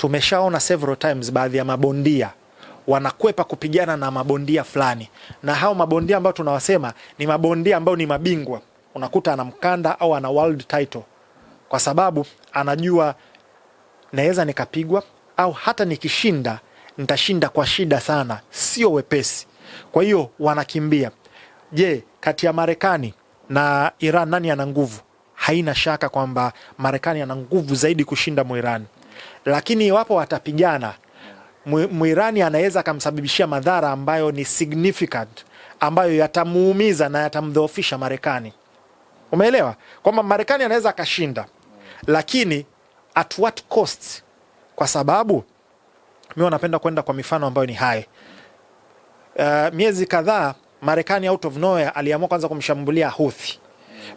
tumeshaona several times baadhi ya mabondia wanakwepa kupigana na mabondia fulani, na hao mabondia ambao tunawasema ni mabondia ambao ni mabingwa, unakuta ana mkanda au ana world title, kwa sababu anajua naweza nikapigwa au hata nikishinda nitashinda kwa shida sana, sio wepesi. Kwa hiyo wanakimbia. Je, kati ya Marekani na Iran nani ana nguvu? Haina shaka kwamba Marekani ana nguvu zaidi kushinda Mwirani lakini iwapo watapigana, Mwirani anaweza akamsababishia madhara ambayo ni significant, ambayo yatamuumiza na yatamdhoofisha Marekani. Umeelewa kwamba Marekani anaweza akashinda, lakini at what cost? Kwa sababu mi wanapenda kwenda kwa mifano ambayo ni hai. Uh, eh, miezi kadhaa Marekani out of nowhere aliamua kwanza kumshambulia huthi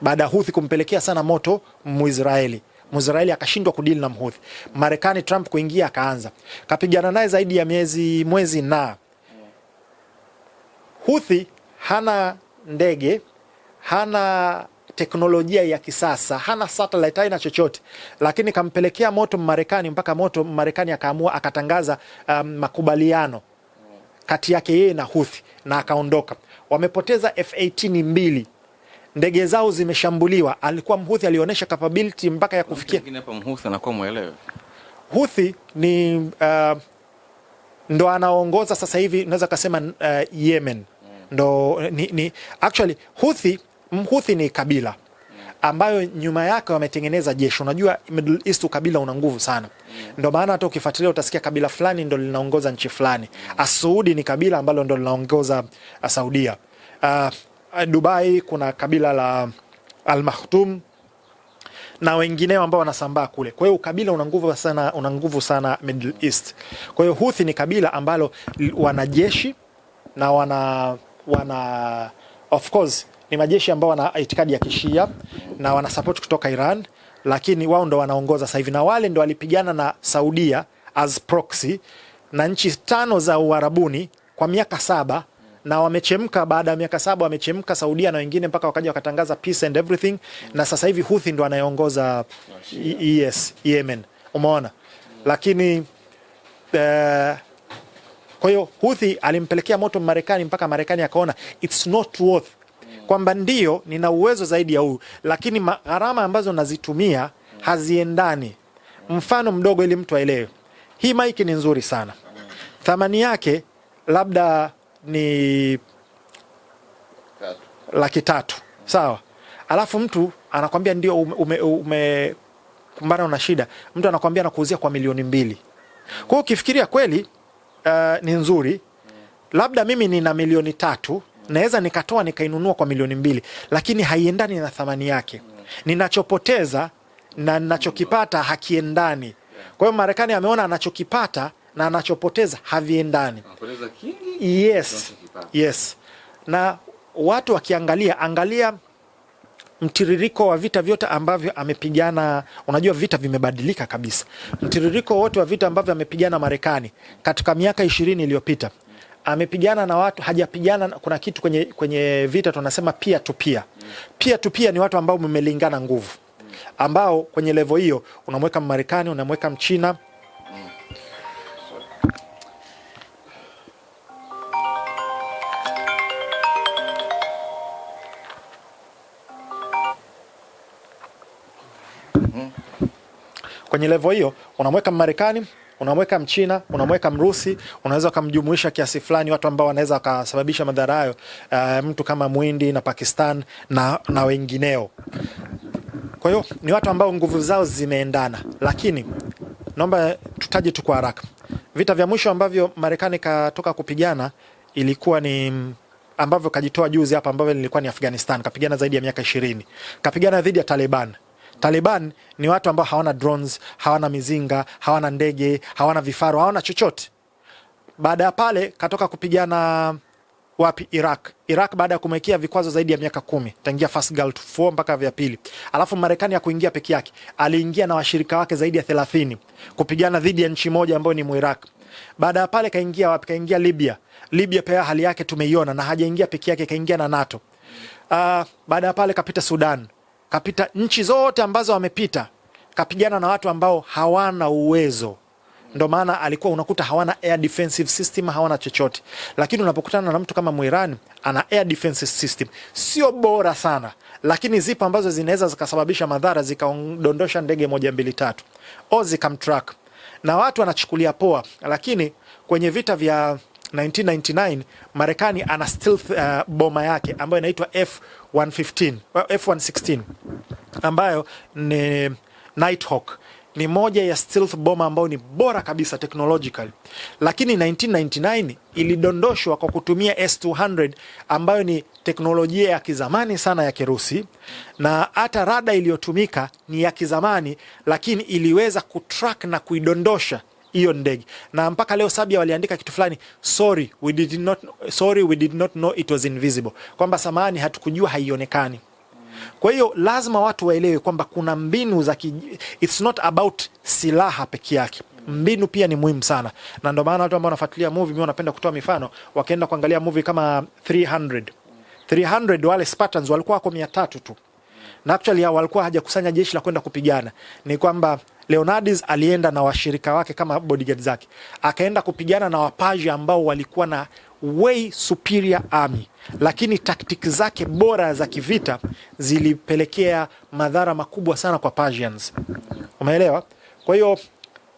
baada ya Huthi kumpelekea sana moto Muisraeli. Mwisraeli akashindwa kudili na mhuthi Marekani Trump kuingia akaanza kapigana naye zaidi ya miezi mwezi, na huthi hana ndege, hana teknolojia ya kisasa, hana satellite, aina chochote, lakini kampelekea moto Marekani mpaka moto Marekani akaamua akatangaza um, makubaliano kati yake yeye na huthi na akaondoka. Wamepoteza F18 mbili ndege zao zimeshambuliwa. Alikuwa mhuthi alionyesha capability mpaka ya kufikia Mhuthi anakuwa mwelewe, huthi ni uh, ndo anaongoza sasa hivi unaweza kusema uh, Yemen mm. ndo ni, ni, actually huthi mhuthi ni kabila mm. ambayo nyuma yake wametengeneza jeshi. Unajua Middle East kabila una nguvu sana, mm. ndio maana hata ukifuatilia utasikia kabila fulani ndo linaongoza nchi fulani. Asuudi ni kabila ambalo ndo linaongoza Saudia. Uh, Eh, Dubai kuna kabila la al mahtum na wengineo ambao wanasambaa kule. Kwa hiyo ukabila una nguvu sana, una nguvu sana Middle East. Kwa hiyo Houthi ni kabila ambalo wanajeshi na wana wana of course ni majeshi ambao wana itikadi ya Kishia na wana support kutoka Iran, lakini wao ndo wanaongoza sasa hivi, na wale ndo walipigana na Saudia as proxy na nchi tano za Uarabuni kwa miaka saba na wamechemka baada ya miaka saba wamechemka Saudia na wengine mpaka wakaja wakatangaza peace and everything mm na sasa hivi Houthi ndo anayeongoza yes, e Yemen umeona mm lakini uh, kwa hiyo Houthi alimpelekea moto Marekani mpaka Marekani akaona it's not worth kwamba ndio nina uwezo zaidi ya huyu, lakini gharama ambazo nazitumia haziendani. Mfano mdogo ili mtu aelewe, hii maiki ni nzuri sana, thamani yake labda ni laki tatu, sawa. Alafu mtu anakwambia ndio umekumbana ume, na shida, mtu anakwambia anakuuzia kwa milioni mbili. Kwa hiyo ukifikiria kweli uh, ni nzuri, labda mimi nina milioni tatu naweza nikatoa nikainunua kwa milioni mbili, lakini haiendani na thamani yake. Ninachopoteza na ninachokipata hakiendani. Kwa hiyo Marekani ameona anachokipata na anachopoteza haviendani. Yes, yes. Na watu wakiangalia, angalia mtiririko wa vita vyote ambavyo amepigana. Unajua vita vimebadilika kabisa. Mtiririko wote wa vita ambavyo amepigana Marekani katika miaka ishirini iliyopita amepigana na watu hajapigana. Kuna kitu kwenye, kwenye vita tunasema pia to pia Peer ni watu ambao mmelingana nguvu, ambao kwenye levo hiyo unamweka Mmarekani, unamweka Mchina kwenye levo hiyo unamweka Mmarekani unamweka Mchina, unamweka Mrusi, unaweza ukamjumuisha kiasi fulani watu ambao wanaweza wakasababisha madhara hayo, uh, mtu kama Mwindi na Pakistan na, na wengineo. Kwa hiyo ni watu ambao nguvu zao zimeendana, lakini naomba tutaje tu kwa haraka vita vya mwisho ambavyo Marekani katoka kupigana ilikuwa ni mm, ambavyo kajitoa juzi hapa ambavyo lilikuwa ni Afghanistan, kapigana zaidi ya miaka ishirini, kapigana dhidi ya Taliban. Taliban ni watu ambao hawana drones, hawana mizinga, hawana ndege, hawana vifaru, hawana chochote. Baada ya pale katoka kupigana wapi? Iraq. Iraq baada ya kumwekea vikwazo zaidi ya miaka kumi tangia first Gulf War mpaka vya pili. Alafu Marekani ya kuingia peke yake, aliingia na washirika wake zaidi ya 30 kupigana dhidi ya nchi moja ambayo ni Muiraq. Baada ya pale kaingia wapi? Kaingia Libya. Libya pia hali yake tumeiona, na hajaingia peke yake, kaingia na NATO. Uh, baada ya pale kapita Sudan kapita nchi zote ambazo amepita, kapigana na watu ambao hawana uwezo. Ndo maana alikuwa unakuta hawana air defensive system, hawana chochote, lakini unapokutana na mtu kama Mwirani ana air defensive system, sio bora sana, lakini zipo ambazo zinaweza zikasababisha madhara, zikadondosha ndege moja mbili tatu, au zikamtrack, na watu wanachukulia poa, lakini kwenye vita vya 1999 Marekani ana stealth uh, boma yake ambayo inaitwa F F115, 116 ambayo ni Nighthawk ni moja ya stealth bomber ambayo ni bora kabisa technological, lakini 1999 ilidondoshwa kwa kutumia S200 ambayo ni teknolojia ya kizamani sana ya Kirusi, na hata rada iliyotumika ni ya kizamani, lakini iliweza kutrack na kuidondosha hiyo ndege, na mpaka leo Sabia waliandika kitu fulani, sorry we did not, sorry we did not know it was invisible, kwamba samani hatukujua haionekani. Kwa hiyo lazima watu waelewe kwamba kuna mbinu za ki, it's not about silaha peke yake mbinu pia ni muhimu sana, na ndio maana watu ambao wanafuatilia movie, mimi wanapenda kutoa mifano. wakienda kuangalia movie kama 300 300, wale Spartans walikuwa wako 300 tu, na actually walikuwa hajakusanya jeshi la kwenda kupigana, ni kwamba Leonardis alienda na washirika wake kama bodyguard zake, akaenda kupigana na Wapaji ambao walikuwa na way superior army, lakini taktiki zake bora za kivita zilipelekea madhara makubwa sana kwa Persians. Umeelewa? Kwa hiyo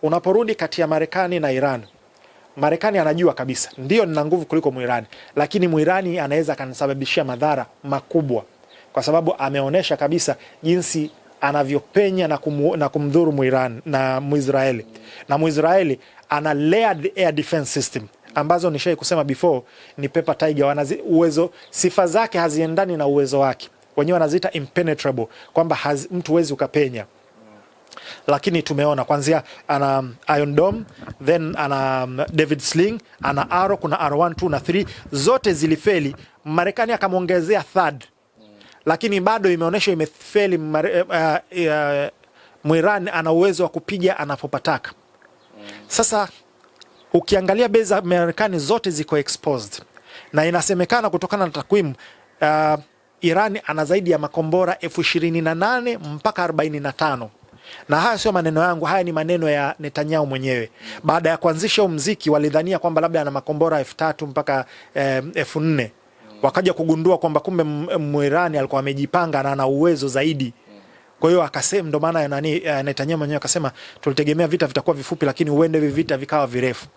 unaporudi kati ya Marekani na Iran, Marekani anajua kabisa ndiyo nina nguvu kuliko Mwirani, lakini Mwirani anaweza akanisababishia madhara makubwa, kwa sababu ameonyesha kabisa jinsi anavyopenya na, kumu, na kumdhuru mwiran na mwisraeli na mwisraeli ana layered air defense system ambazo nishai kusema before ni Pepper Tiger wanazi, uwezo sifa zake haziendani na uwezo wake wenyewe wanaziita impenetrable kwamba mtu wezi ukapenya lakini tumeona kwanzia ana um, Iron Dome then ana um, David Sling ana Arrow, kuna R1 2 na 3 zote zilifeli. Marekani akamwongezea third lakini bado imeonyesha imefeli. Uh, uh, ana uwezo wa kupiga anapopataka. Sasa ukiangalia bei za Marekani zote ziko exposed na inasemekana kutokana na takwimu uh, Iran ana zaidi ya makombora elfu ishirini na nane mpaka arobaini na tano na haya sio maneno yangu, haya ni maneno ya Netanyahu mwenyewe. Baada ya kuanzisha huu mziki, walidhania kwamba labda ana makombora elfu tatu mpaka elfu nne wakaja kugundua kwamba kumbe Mwirani alikuwa amejipanga na ana uwezo zaidi. Kwa hiyo akasema, ndo maana nani Netanyahu mwenyewe akasema tulitegemea vita vitakuwa vifupi, lakini uende hivi vita vikawa virefu.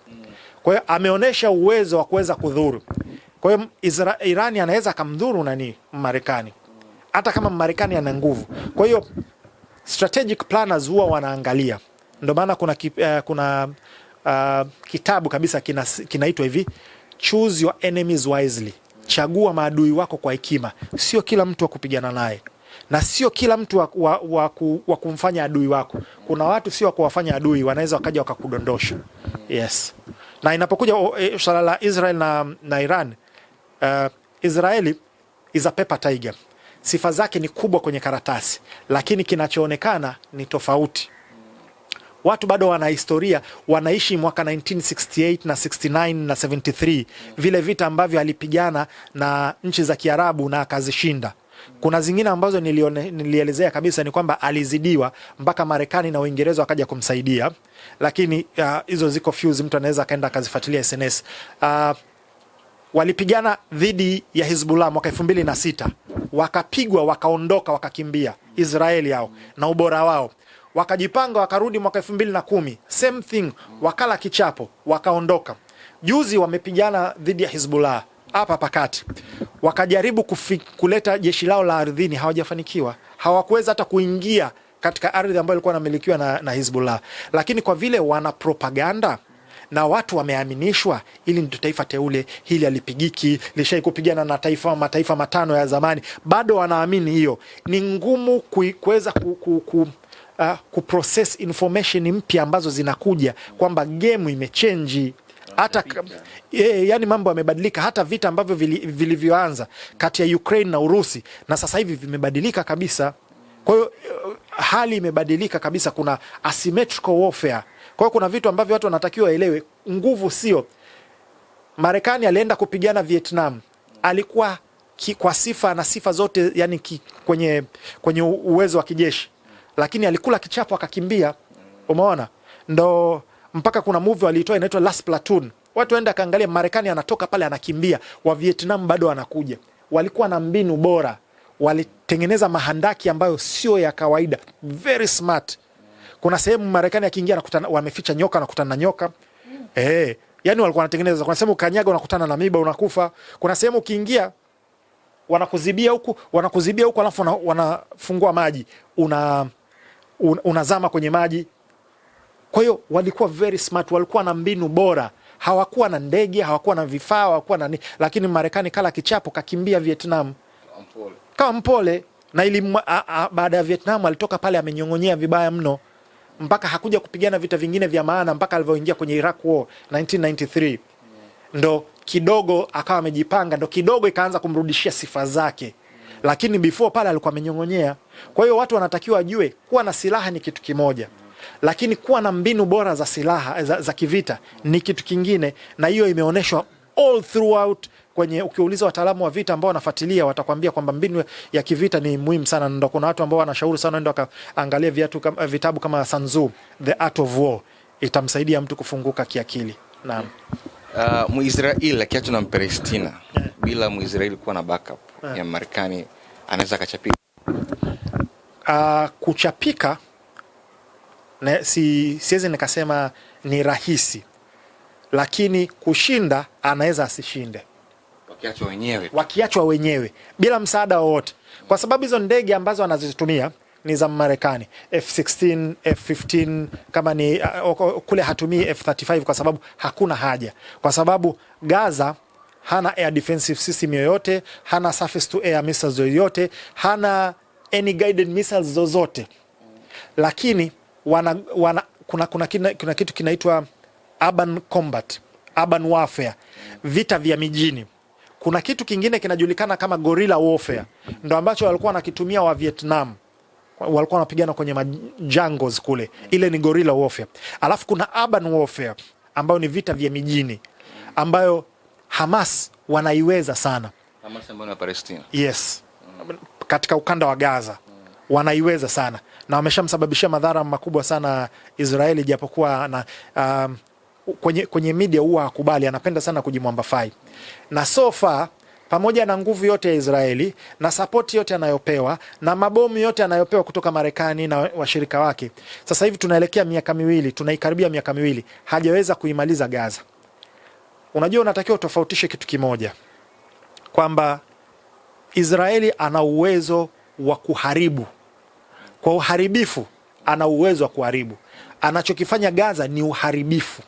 Kwa hiyo ameonyesha uwezo wa kuweza kudhuru. Kwa hiyo Irani anaweza akamdhuru nani Marekani, hata kama Marekani ana nguvu. Kwa hiyo strategic planners huwa wanaangalia, ndo maana kuna, ki, uh, eh, kuna uh, kitabu kabisa kinaitwa kina hivi Choose your enemies wisely chagua maadui wako kwa hekima, sio kila mtu wa kupigana naye na sio kila mtu wa, wa, wa, wa kumfanya adui wako. Kuna watu sio wa kuwafanya adui, wanaweza wakaja wakakudondosha. Yes, na inapokuja oh, eh, swala la Israel na, na Iran uh, Israeli is a paper tiger, sifa zake ni kubwa kwenye karatasi, lakini kinachoonekana ni tofauti watu bado wana historia, wanaishi mwaka 1968 na 69 na 73, vile vita ambavyo alipigana na nchi za Kiarabu na akazishinda. Kuna zingine ambazo nilielezea kabisa ni kwamba alizidiwa mpaka Marekani na Uingereza wakaja kumsaidia, lakini uh, hizo uh, ziko fuse, mtu anaweza akaenda akazifuatilia SNS. Uh, walipigana dhidi ya Hizbullah mwaka sita wakapigwa, wakaondoka, wakakimbia Israeli yao na ubora wao wakajipanga wakarudi mwaka elfu mbili na kumi same thing, wakala kichapo wakaondoka. Juzi wamepigana dhidi ya Hizbullah hapa pakati, wakajaribu kufi, kuleta jeshi lao la ardhini, hawajafanikiwa. Hawakuweza hata kuingia katika ardhi ambayo ilikuwa inamilikiwa na, na Hizbullah, lakini kwa vile wana propaganda na watu wameaminishwa, ili ndio taifa teule hili, alipigiki lishai kupigana na taifa mataifa matano ya zamani, bado wanaamini hiyo. Ni ngumu kuweza ku, ku, ku, uh, kuprocess information mpya ambazo zinakuja kwamba game imechenji hata e, yani mambo yamebadilika. Hata vita ambavyo vilivyoanza vili kati ya Ukraine na Urusi na sasa hivi vimebadilika kabisa. Kwa hiyo e, hali imebadilika kabisa, kuna asymmetrical warfare. Kwa hiyo kuna vitu ambavyo watu wanatakiwa waelewe. Nguvu sio Marekani alienda kupigana Vietnam, alikuwa ki, kwa sifa na sifa zote yani ki, kwenye, kwenye uwezo wa kijeshi lakini alikula kichapo akakimbia. Umeona, ndo mpaka kuna movie waliitoa inaitwa Last Platoon. Watu waende akaangalia, Marekani anatoka pale anakimbia, wa Vietnam bado anakuja. Walikuwa na mbinu bora, walitengeneza mahandaki ambayo sio ya kawaida, very smart. Kuna sehemu Marekani akiingia anakutana, wameficha nyoka, anakutana na nyoka mm. eh, yani walikuwa wanatengeneza. Kuna sehemu ukanyaga, unakutana na miba, unakufa. Kuna sehemu ukiingia wanakuzibia huku, wanakuzibia huku, alafu wanafungua maji una un, unazama kwenye maji. Kwa hiyo walikuwa very smart, walikuwa na mbinu bora, hawakuwa na ndege, hawakuwa na vifaa, hawakuwa na ni, lakini Marekani kala kichapo, kakimbia Vietnam kama mpole na ili baada ya Vietnam alitoka pale amenyong'onyea vibaya mno mpaka hakuja kupigana vita vingine vya maana mpaka alivyoingia kwenye Iraq War 1993 ndo kidogo akawa amejipanga, ndo kidogo ikaanza kumrudishia sifa zake lakini before pale alikuwa amenyong'onyea. Kwa hiyo watu wanatakiwa wajue kuwa na silaha ni kitu kimoja, lakini kuwa na mbinu bora za silaha za, za kivita ni kitu kingine, na hiyo imeonyeshwa all throughout kwenye ukiuliza wataalamu wa vita ambao wanafuatilia watakwambia kwamba mbinu ya kivita ni muhimu sana. Ndio kuna watu ambao wanashauri sana ndio akaangalia viatu kama, vitabu kama Sun Tzu The Art of War, itamsaidia mtu kufunguka kiakili. Naam, uh, Muisrael akiachwa na Mpalestina yeah, bila Muisrael kuwa na backup Eh. ya Marekani anaweza akachapika? Uh, kuchapika na, si, siwezi nikasema ni rahisi, lakini kushinda anaweza asishinde wakiachwa wenyewe, wakiachwa wenyewe bila msaada wowote, kwa sababu hizo ndege ambazo anazitumia ni za Marekani F16, F15 kama ni uh, kule hatumii F35 kwa sababu hakuna haja, kwa sababu Gaza hana air defensive system yoyote, hana surface to air missiles yoyote, hana any guided missiles zozote, lakini wana, wana, kuna, kuna, kuna, kuna kitu kinaitwa urban combat, urban warfare, vita vya mijini. Kuna kitu kingine kinajulikana kama gorilla warfare, ndo ambacho walikuwa wanakitumia wa Vietnam walikuwa wanapigana kwenye majangles kule, ile ni gorilla warfare. Alafu kuna urban warfare ambayo ni vita vya mijini ambayo Hamas wanaiweza sana Hamas ambayo ni Palestina. Yes. Mm. Katika ukanda wa Gaza mm. wanaiweza sana na wameshamsababishia madhara makubwa sana Israeli, japokuwa na um, kwenye, kwenye media huwa hakubali, anapenda sana kujimwambafai na sofa pamoja na nguvu yote ya Israeli na sapoti yote anayopewa na mabomu yote anayopewa kutoka Marekani na washirika wake, sasa hivi tunaelekea miaka miwili, tunaikaribia miaka miwili, hajaweza kuimaliza Gaza. Unajua, unatakiwa utofautishe kitu kimoja kwamba Israeli ana uwezo wa kuharibu kwa uharibifu, ana uwezo wa kuharibu. Anachokifanya Gaza ni uharibifu,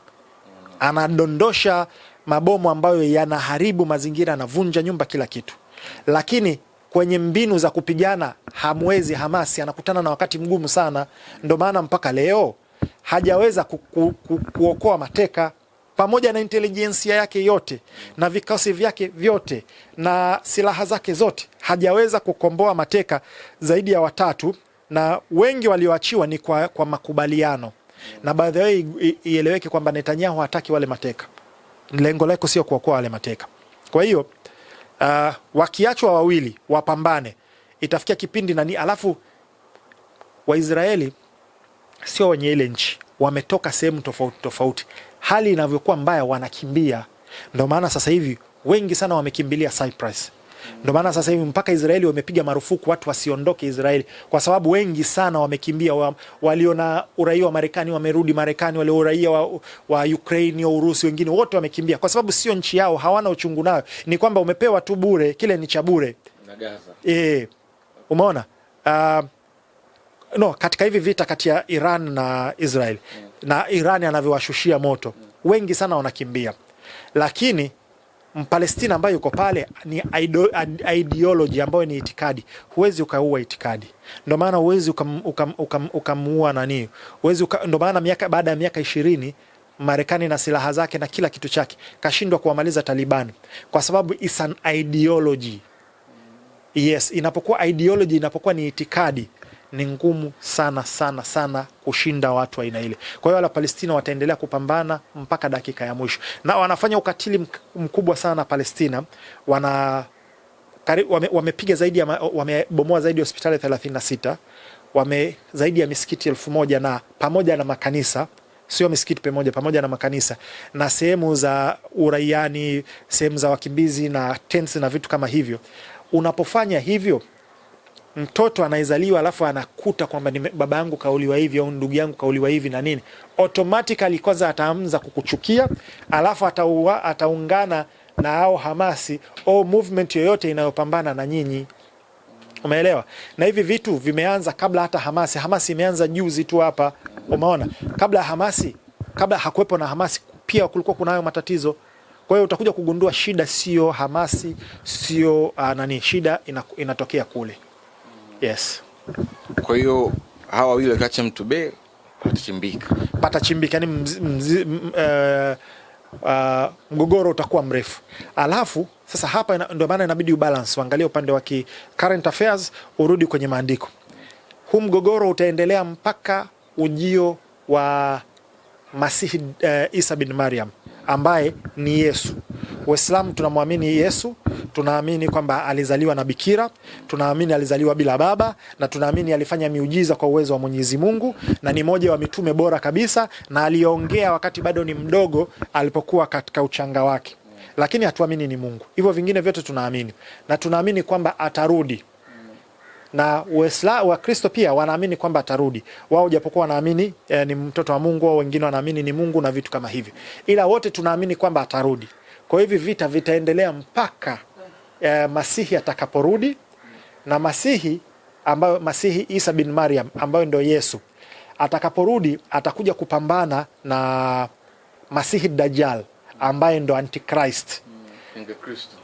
anadondosha mabomu ambayo yanaharibu mazingira, anavunja nyumba, kila kitu, lakini kwenye mbinu za kupigana hamwezi. Hamasi anakutana na wakati mgumu sana, ndo maana mpaka leo hajaweza ku, ku, ku, kuokoa mateka pamoja na intelijensia yake yote na vikosi vyake vyote na silaha zake zote hajaweza kukomboa mateka zaidi ya watatu, na wengi walioachiwa ni kwa, kwa makubaliano. Na baadhi yao ieleweke kwamba Netanyahu hataki wale mateka, lengo lake sio kuokoa wale mateka. Kwa hiyo uh, wakiachwa wawili wapambane, itafikia kipindi nani, alafu Waisraeli sio wenye ile nchi, wametoka sehemu tofauti tofauti hali inavyokuwa mbaya wanakimbia. Ndio maana sasa hivi wengi sana wamekimbilia Cyprus. Ndio maana sasa hivi mpaka Israeli wamepiga marufuku watu wasiondoke Israeli, kwa sababu wengi sana wamekimbia wa, walio na uraia wa Marekani wamerudi Marekani, walio uraia wa, wa Ukraini au Urusi, wengine wote wamekimbia kwa sababu sio nchi yao, hawana uchungu nayo. Ni kwamba umepewa tu bure, kile ni cha bure e, umeona uh, no, katika hivi vita kati ya Iran na Israeli yeah. Mm na Irani anavyowashushia moto, wengi sana wanakimbia, lakini Mpalestina ambayo yuko pale ni ideology ambayo ni itikadi. Huwezi ukaua itikadi, ndio maana huwezi ukamuua ukam, ukam, nani, huwezi ndio maana miaka baada ya miaka ishirini Marekani na silaha zake na kila kitu chake kashindwa kuwamaliza Taliban kwa sababu it's an ideology. Yes, inapokuwa ideology, inapokuwa ni itikadi ni ngumu sana sana sana kushinda watu aina ile. Kwa hiyo wala Palestina wataendelea kupambana mpaka dakika ya mwisho, na wanafanya ukatili mkubwa sana Palestina. Wana wamepiga zaidi ya wamebomoa zaidi ya hospitali 36 wame zaidi ya misikiti elfu moja na pamoja na makanisa sio misikiti pamoja, pamoja na makanisa na sehemu za uraiani, sehemu za wakimbizi na tents na vitu kama hivyo. Unapofanya hivyo mtoto anayezaliwa alafu anakuta kwamba ni baba yangu kauliwa hivi au ndugu yangu kauliwa hivi na nini, automatically kwanza ataanza kukuchukia, alafu ataua, ataungana na au hamasi au movement yoyote inayopambana na nyinyi. Umeelewa? Na hivi vitu vimeanza kabla hata hamasi. Hamasi imeanza juzi tu hapa, umeona? Kabla hamasi, kabla hakuwepo na hamasi pia kulikuwa kunayo matatizo. Kwa hiyo utakuja kugundua shida sio hamasi, sio uh, ah, nani, shida inatokea kule. Yes. Kwa hiyo hawa wawili wakiacha Mtube patachimbika, patachimbika yani uh, uh, mgogoro utakuwa mrefu. Alafu sasa hapa ndio maana inabidi ubalance, uangalie upande wa current affairs, urudi kwenye maandiko. Huu mgogoro utaendelea mpaka ujio wa Masihi uh, Isa bin Mariam ambaye ni Yesu. Waislamu tunamwamini Yesu, tunaamini kwamba alizaliwa na bikira, tunaamini alizaliwa bila baba, na tunaamini alifanya miujiza kwa uwezo wa Mwenyezi Mungu, na ni moja wa mitume bora kabisa, na aliongea wakati bado ni mdogo, alipokuwa katika uchanga wake. Lakini hatuamini ni Mungu. Hivyo vingine vyote tunaamini, na tunaamini kwamba atarudi na Wakristo pia wanaamini kwamba atarudi wao, japokuwa wanaamini eh, ni mtoto wa Mungu, au wengine wanaamini ni Mungu na vitu kama hivyo, ila wote tunaamini kwamba atarudi. Kwa hivi vita vitaendelea mpaka e, Masihi atakaporudi na Masihi ambayo Masihi Isa bin Mariam ambayo ndio Yesu atakaporudi atakuja kupambana na Masihi Dajjal ambaye ndo Antichrist,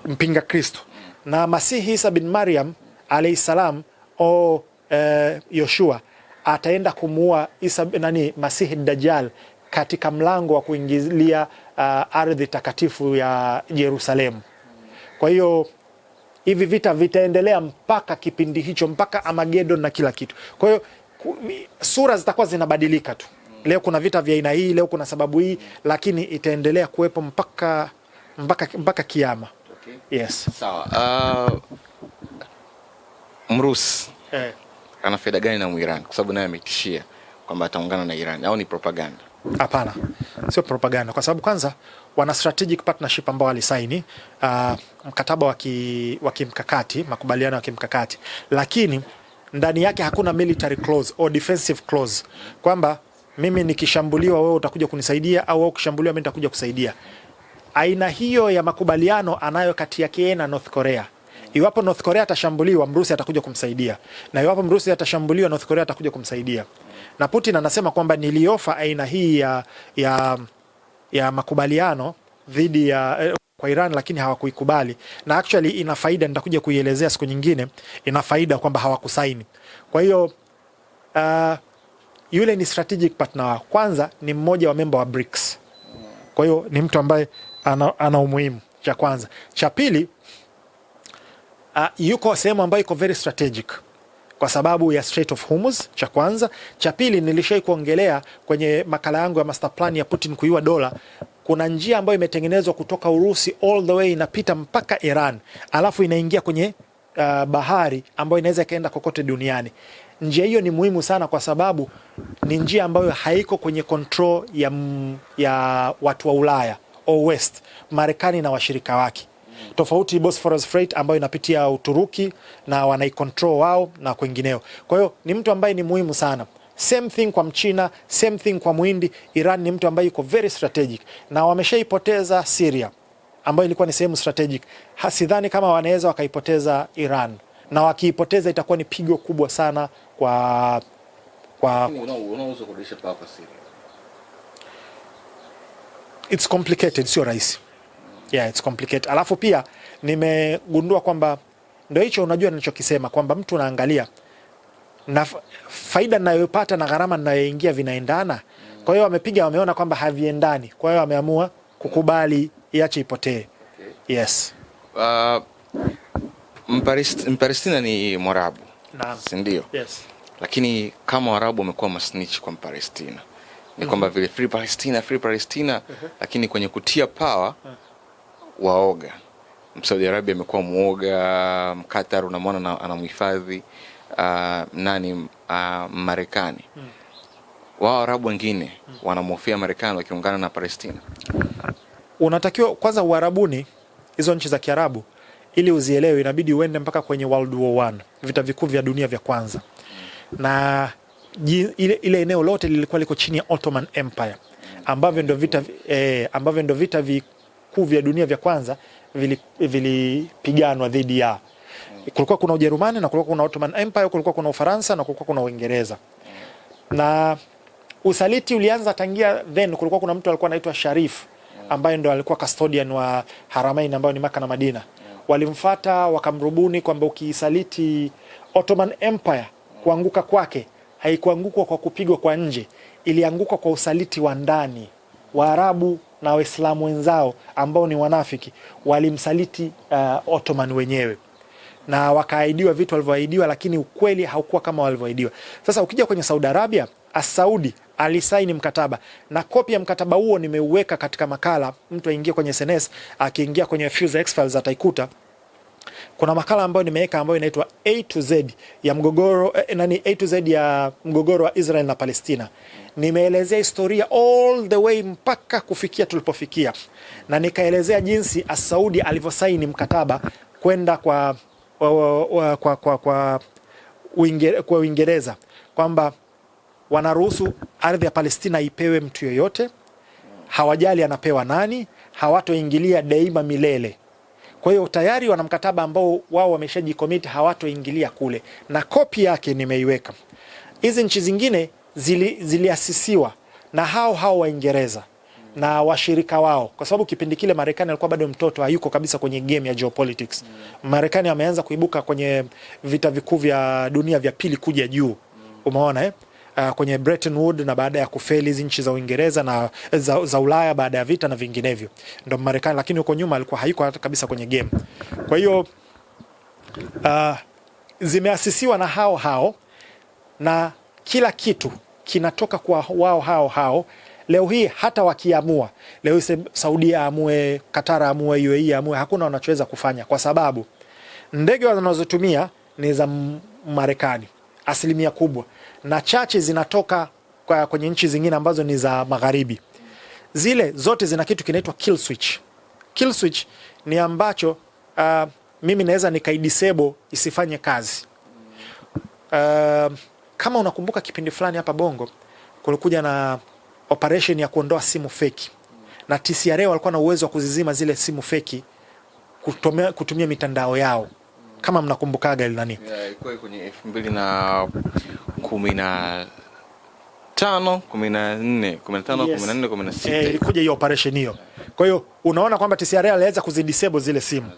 mpinga Kristo, Na Masihi Isa bin Mariam alayhi salam o e, Yoshua ataenda kumuua Isa nani Masihi Dajjal katika mlango wa kuingilia uh, ardhi takatifu ya Yerusalemu. Kwa hiyo hivi vita vitaendelea mpaka kipindi hicho, mpaka Amagedon na kila kitu. Kwa hiyo sura zitakuwa zinabadilika tu. Leo kuna vita vya aina hii, leo kuna sababu hii, lakini itaendelea kuwepo mpaka, mpaka, mpaka kiama. Okay. Yes. Sawa. Uh, Mrusi eh, ana faida gani na Mwirani? Kwa sababu naye ametishia kwamba ataungana na Iran au ni propaganda? Hapana, sio propaganda, kwa sababu kwanza wana strategic partnership ambao walisaini uh, mkataba wa kimkakati, makubaliano ya kimkakati, lakini ndani yake hakuna military clause au defensive clause kwamba mimi nikishambuliwa wewe utakuja kunisaidia au wewe ukishambuliwa mimi nitakuja kusaidia. Aina hiyo ya makubaliano anayo kati yake yeye na North Korea. Iwapo North Korea atashambuliwa, Mrusi atakuja kumsaidia, na iwapo Mrusi atashambuliwa, North Korea atakuja kumsaidia na Putin anasema kwamba niliofa aina hii ya, ya, ya makubaliano dhidi ya eh, kwa Iran lakini hawakuikubali, na actually ina faida, nitakuja kuielezea siku nyingine. Ina faida kwamba hawakusaini. Kwa hiyo uh, yule ni strategic partner kwanza, ni mmoja wa memba wa BRICS. Kwa hiyo ni mtu ambaye ana, ana umuhimu, cha kwanza. Cha pili uh, yuko sehemu ambayo iko very strategic kwa sababu ya Strait of Hormuz, cha kwanza. Cha pili, nilishai kuongelea kwenye makala yangu ya master plan ya Putin kuiwa dola kuna njia ambayo imetengenezwa kutoka Urusi all the way inapita mpaka Iran, alafu inaingia kwenye uh, bahari ambayo inaweza ikaenda kokote duniani. Njia hiyo ni muhimu sana, kwa sababu ni njia ambayo haiko kwenye control ya, ya watu wa Ulaya au West, Marekani na washirika wake tofauti Bosphorus Freight ambayo inapitia Uturuki na wanaicontrol wao na kwingineo. Kwa hiyo ni mtu ambaye ni muhimu sana. Same thing kwa Mchina, same thing kwa mwindi Iran ni mtu ambaye yuko very strategic na wameshaipoteza Syria ambayo ilikuwa ni sehemu strategic. Hasidhani kama wanaweza wakaipoteza Iran, na wakiipoteza itakuwa ni pigo kubwa sana kwa kwa It's complicated, sio rahisi yeah, it's complicated. Alafu pia nimegundua kwamba ndio hicho unajua ninachokisema kwamba mtu unaangalia na faida ninayopata na gharama ninayoingia vinaendana. Kwa hiyo wamepiga, wameona kwamba haviendani, kwa hiyo wameamua kukubali iache ipotee. Yes. Uh, Mpalestina ni Mwarabu si ndio? Yes. Lakini kama Waarabu wamekuwa masnitch kwa Mpalestina ni mm-hmm. kwamba vile free Palestina, free Palestina uh -huh. lakini kwenye kutia power uh -huh waoga. Saudi Arabia amekuwa muoga, Qatar unamwona anamhifadhi uh, nani uh, Marekani hmm. Wao Arabu wengine hmm. wanamhofia Marekani wakiungana na Palestina. Unatakiwa kwanza, Uarabuni, hizo nchi za Kiarabu ili uzielewe inabidi uende mpaka kwenye World War One, vita vikuu vya dunia vya kwanza na ile, ile eneo lote lilikuwa liko chini ya Ottoman Empire ambavyo ndio vita, eh, ambavyo ndio vita vikuu vya dunia vya kwanza vilipiganwa vili dhidi ya kulikuwa kuna Ujerumani na kulikuwa kuna Ottoman Empire, kulikuwa kuna Ufaransa na kulikuwa kuna Uingereza. Na usaliti ulianza tangia then, kulikuwa kuna mtu alikuwa anaitwa Sharif ambaye ndo alikuwa custodian wa Haramain ambayo ni Maka na Madina. Walimfata wakamrubuni kwamba ukisaliti Ottoman Empire, kuanguka kwake haikuangukwa kwa kupigwa kwa nje, ilianguka kwa usaliti wa ndani. Waarabu na Waislamu wenzao ambao ni wanafiki walimsaliti uh, Ottoman wenyewe na wakaahidiwa vitu walivyoahidiwa, lakini ukweli haukuwa kama walivyoahidiwa. Sasa ukija kwenye Saudi Arabia, Asaudi alisaini mkataba na kopi ya mkataba huo nimeuweka katika makala, mtu aingie kwenye SNS, akiingia kwenye Fuse X-Files ataikuta kuna makala ambayo nimeweka ambayo inaitwa A to Z ya mgogoro eh, nani A to Z ya mgogoro wa Israel na Palestina. Nimeelezea historia all the way mpaka kufikia tulipofikia, na nikaelezea jinsi Asaudi alivyosaini mkataba kwenda kwa kwa, kwa, kwa, kwa Uingereza kwamba wanaruhusu ardhi ya Palestina ipewe mtu yoyote, hawajali anapewa nani, hawatoingilia daima milele. Kwa hiyo tayari wana mkataba ambao wao wameshajikomiti hawatoingilia kule, na kopi yake nimeiweka. Hizi nchi zingine zili, ziliasisiwa na hao hao Waingereza na washirika wao, kwa sababu kipindi kile Marekani alikuwa bado mtoto, hayuko kabisa kwenye game ya geopolitics. Marekani ameanza kuibuka kwenye vita vikuu vya dunia vya pili kuja juu, umeona eh? uh, kwenye Bretton Woods na baada ya kufeli hizi nchi za Uingereza na za, za Ulaya baada ya vita na vinginevyo ndio Marekani, lakini huko nyuma alikuwa haiko hata kabisa kwenye game. Kwa hiyo uh, zimeasisiwa na hao hao na kila kitu kinatoka kwa wao hao hao. Leo hii hata wakiamua leo hii Saudia amue Qatar amue UAE amue, hakuna wanachoweza kufanya kwa sababu ndege wanazotumia ni za Marekani asilimia kubwa na chache zinatoka kwa kwenye nchi zingine ambazo ni za magharibi. Zile zote zina kitu kinaitwa kill switch. Kill switch ni ambacho uh, mimi naweza nikaidisable isifanye kazi. Uh, kama unakumbuka kipindi fulani hapa Bongo kulikuja na operation ya kuondoa simu feki na TCRA walikuwa na uwezo wa kuzizima zile simu feki kutumia, kutumia mitandao yao kama mnakumbukaga ile nani, ilikuja hiyo operation hiyo. Kwa hiyo unaona kwamba TCRA aliweza kuzidisable zile simu,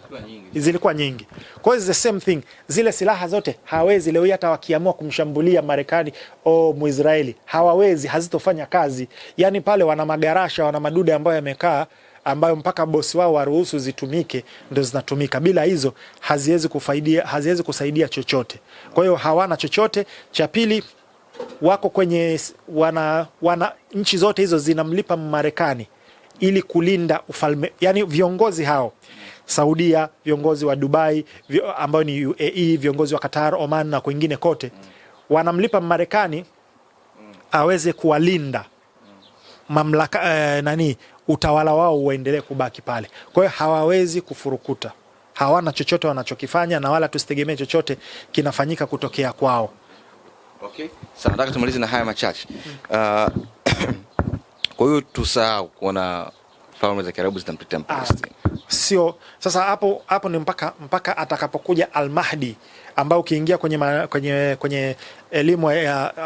zilikuwa nyingi. Kwa hiyo the same thing, zile silaha zote hawezi leo hata wakiamua kumshambulia Marekani o Mwisraeli hawawezi, hazitofanya kazi. Yani pale wana magarasha, wana madude ambayo yamekaa ambayo mpaka bosi wao waruhusu zitumike ndo zinatumika. Bila hizo haziwezi kufaidia, haziwezi kusaidia chochote. Kwa hiyo hawana chochote. Cha pili wako kwenye wana, wana nchi zote hizo zinamlipa Marekani ili kulinda ufalme, yani viongozi hao Saudia, viongozi wa Dubai vio, ambayo ni UAE, viongozi wa Qatar, Oman na kwingine kote wanamlipa Marekani aweze kuwalinda mamlaka eh, nani utawala wao uendelee kubaki pale. Kwa hiyo hawawezi kufurukuta, hawana chochote wanachokifanya, na wala tusitegemee chochote kinafanyika kutokea kwao. Okay, sasa nataka tumalize na haya machache uh, kwa hiyo tusahau kuona falme za Kiarabu zinamtetea Palestina, ah, sio? Sasa hapo hapo ni mpaka mpaka atakapokuja Al-Mahdi ambao ukiingia kwenye, ma, kwenye, kwenye elimu ya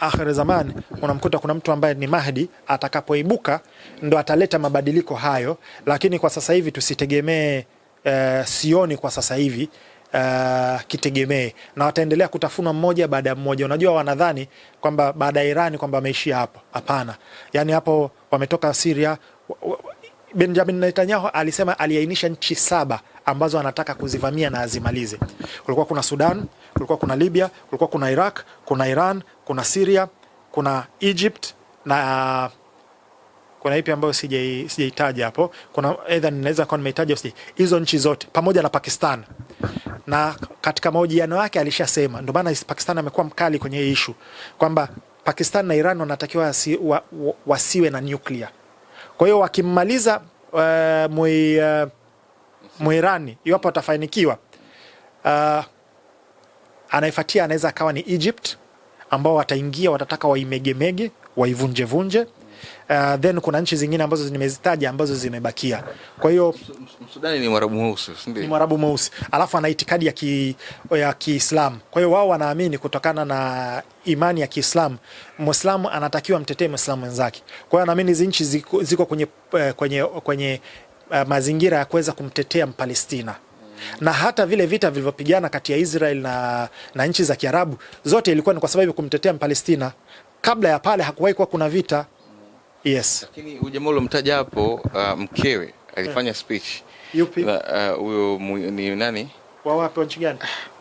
akhir zaman unamkuta kuna mtu ambaye ni Mahdi atakapoibuka ndo ataleta mabadiliko hayo, lakini kwa sasa hivi tusitegemee uh, sioni kwa sasa hivi Uh, kitegemee na wataendelea kutafuna mmoja baada ya mmoja. Unajua, wanadhani kwamba baada ya Irani kwamba wameishia hapo. Hapana, yani hapo wametoka Syria. Benjamin Netanyahu alisema aliainisha nchi saba ambazo anataka kuzivamia na azimalize. Kulikuwa kuna Sudan, kulikuwa kuna Libya, kulikuwa kuna Iraq, kuna Iran, kuna siria kuna Egypt na kuna ipi ambayo sijaitaja hapo? Kuna aidha ninaweza kuwa nimeitaja usi hizo nchi zote pamoja na Pakistan, na katika mahojiano yake alishasema, ndio maana Pakistan amekuwa mkali kwenye hii ishu kwamba Pakistan na Iran wanatakiwa wasi, wa, wa, wasiwe na nuclear. Kwa hiyo wakimmaliza uh, eh, mwi uh, eh, Mwirani iwapo atafanikiwa, uh, anayefuatia anaweza akawa ni Egypt ambao wataingia watataka waimegemege waivunjevunje. Uh, then kuna nchi zingine ambazo nimezitaja ambazo zimebakia. Kwa hiyo Msudani ni Mwarabu mweusi, ni Mwarabu mweusi alafu ana itikadi ya ki, ya Kiislamu. Kwa hiyo wao wanaamini kutokana na imani ya Kiislamu Mwislamu anatakiwa mtetee Mwislamu wenzake Kwa hiyo anaamini hizi nchi ziko, ziko kwenye, eh, kwenye, kwenye Eh, mazingira ya kuweza kumtetea Mpalestina na hata vile vita vilivyopigana kati ya Israel na, na nchi za Kiarabu zote ilikuwa ni kwa sababu ya kumtetea Mpalestina. Kabla ya pale hakuwahi kuwa kuna vita. Yes, lakini ujamaa uliomtaja hapo uh, mkewe alifanya speech yupi uh, huyo? Uh, ni nani wa wapi, wa nchi gani?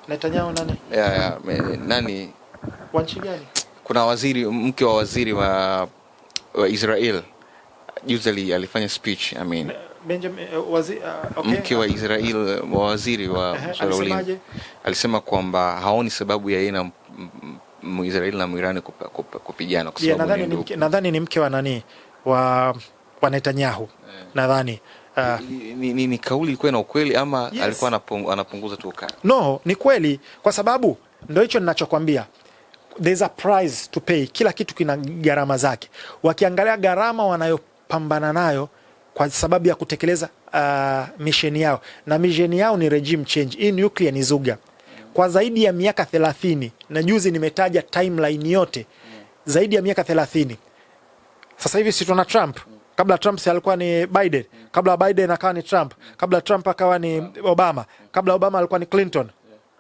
Netanyahu nani? yeah, yeah, me, nani wa nchi gani? Kuna waziri mke wa waziri wa, wa Israel juzi alifanya speech I mean. Yeah. Benjamin, uh, wazi, uh, okay. Mke wa Israel wa waziri wa masuala alisema kwamba haoni sababu ya yeye na Israel na Iran kupigana kwa sababu nadhani ni, mke wa nani wa, wa Netanyahu yeah. nadhani Uh, ah. ni, ni, ni, ni kauli ilikuwa na ukweli ama yes. Alikuwa anapung, anapunguza tu ukali? No, ni kweli kwa sababu ndio hicho ninachokwambia, there's a price to pay. Kila kitu kina gharama zake. Wakiangalia gharama wanayopambana nayo kwa sababu ya kutekeleza uh, misheni yao, na misheni yao ni regime change. Hii nuclear ni zuga kwa zaidi ya miaka 30, na juzi nimetaja timeline yote zaidi ya miaka 30. Sasa hivi si tuna Trump kabla Trump si alikuwa ni Biden, kabla Biden akawa ni Trump, kabla Trump akawa ni Obama, kabla Obama alikuwa ni Clinton,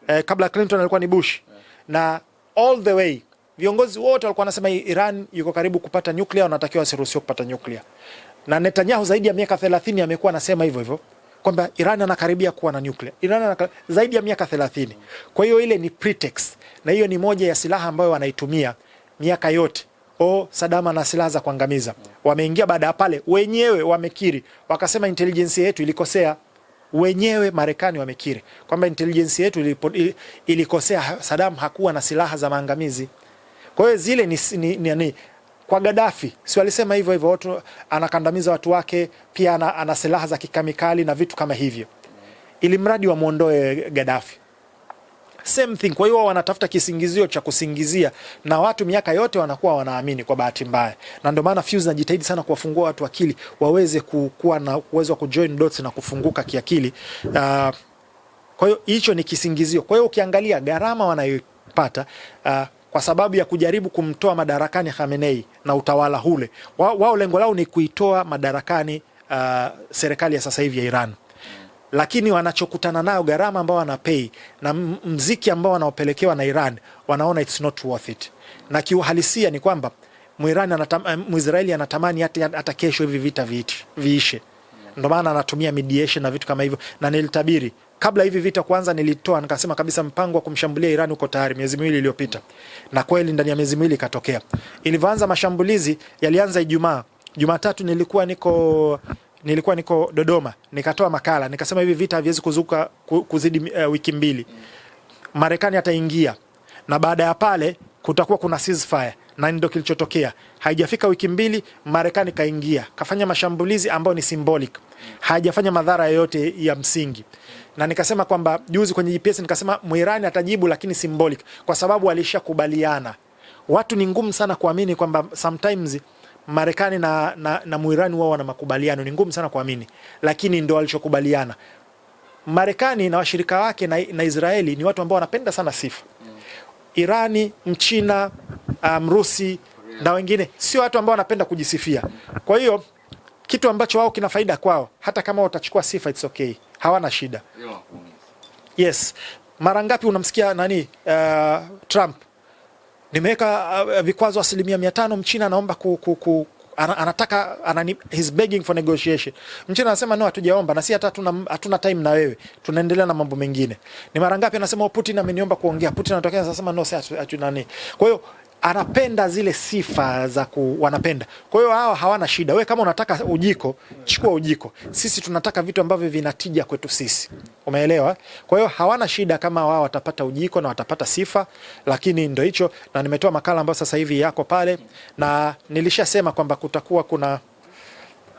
eh, kabla Clinton alikuwa ni Bush, na all the way viongozi wote walikuwa wanasema Iran yuko karibu kupata nuclear, wanatakiwa wasiruhusiwe kupata nuclear na Netanyahu zaidi ya miaka 30 amekuwa anasema hivyo hivyo kwamba Iran anakaribia kuwa na nuclear. Iran anaka... zaidi ya miaka 30. Kwa hiyo ile ni pretext, na hiyo ni moja ya silaha ambayo wanaitumia miaka yote o Sadama na silaha za kuangamiza wameingia. Baada ya pale, wenyewe wamekiri wakasema, intelijensia yetu ilikosea. Wenyewe Marekani wamekiri kwamba intelijensia yetu ilikosea, Sadam hakuwa na silaha za maangamizi. Kwa hiyo zile ni, ni, ni, ni kwa Gaddafi si walisema hivyo hivyo, watu anakandamiza watu wake, pia ana, ana silaha za kikamikali na vitu kama hivyo, ili mradi wamwondoe Gaddafi. Same thing. Kwa hiyo wanatafuta kisingizio cha kusingizia, na watu miaka yote wanakuwa wanaamini, kwa bahati mbaya, na ndio maana Fuse najitahidi sana kuwafungua watu akili waweze kuwa na uwezo wa kujoin dots na kufunguka kiakili. Uh, kwa hiyo hicho ni kisingizio. Kwa hiyo ukiangalia gharama wanayopata uh, ah, kwa sababu ya kujaribu kumtoa madarakani Khamenei na utawala ule wao. lengo lao ni kuitoa madarakani uh, serikali ya sasa hivi ya Iran, lakini wanachokutana nayo, gharama ambao wanapei na mziki ambao wanaopelekewa na Iran, wanaona it's not worth it, na kiuhalisia ni kwamba Muirani anatam, eh, Mwisraeli anatamani hata, hata kesho hivi vita viishe. Ndio maana anatumia mediation na vitu kama hivyo, na nilitabiri Kabla hivi vita kuanza, nilitoa nikasema kabisa mpango wa kumshambulia Iran uko tayari miezi miwili iliyopita, na kweli ndani ya miezi miwili ikatokea. Ilivyoanza mashambulizi yalianza Ijumaa. Jumatatu nilikuwa niko nilikuwa niko Dodoma nikatoa makala nikasema hivi vita haviwezi kuzuka kuzidi uh, wiki mbili. Marekani ataingia na baada ya pale kutakuwa kuna ceasefire na ndio kilichotokea. Haijafika wiki mbili, Marekani kaingia kafanya mashambulizi ambayo ni symbolic, haijafanya madhara yoyote ya msingi na nikasema kwamba juzi kwenye GPS nikasema Mwirani atajibu, lakini symbolic, kwa sababu alishakubaliana. Watu ni ngumu sana kuamini kwamba sometimes Marekani na, na, na Mwirani wao wana makubaliano, ni ngumu sana kuamini, lakini ndo walichokubaliana. Marekani na washirika wake na, na Israeli ni watu ambao wanapenda sana sifa. Irani, Mchina, Mrusi um, na wengine sio watu ambao wanapenda kujisifia. Kwa hiyo kitu ambacho wao kina faida kwao, hata kama watachukua sifa it's okay hawana shida. Yes, mara ngapi unamsikia nani, uh, Trump nimeweka uh, vikwazo asilimia mia tano, Mchina anaomba ku, ku, ku anataka anani, he's begging for negotiation. Mchina anasema no, hatujaomba na si hata hatuna time na wewe, tunaendelea na mambo mengine. Ni mara ngapi anasema oh, Putin ameniomba kuongea, Putin anatokea sasa, no si hatu nani. Kwa hiyo anapenda zile sifa za ku, wanapenda. Kwa hiyo hawa hawana shida. We kama unataka ujiko, chukua ujiko. Sisi tunataka vitu ambavyo vinatija kwetu sisi, umeelewa? Kwa hiyo hawana shida kama wao watapata ujiko na watapata sifa, lakini ndo hicho, na nimetoa makala ambayo sasa hivi yako pale, na nilishasema kwamba kutakuwa kuna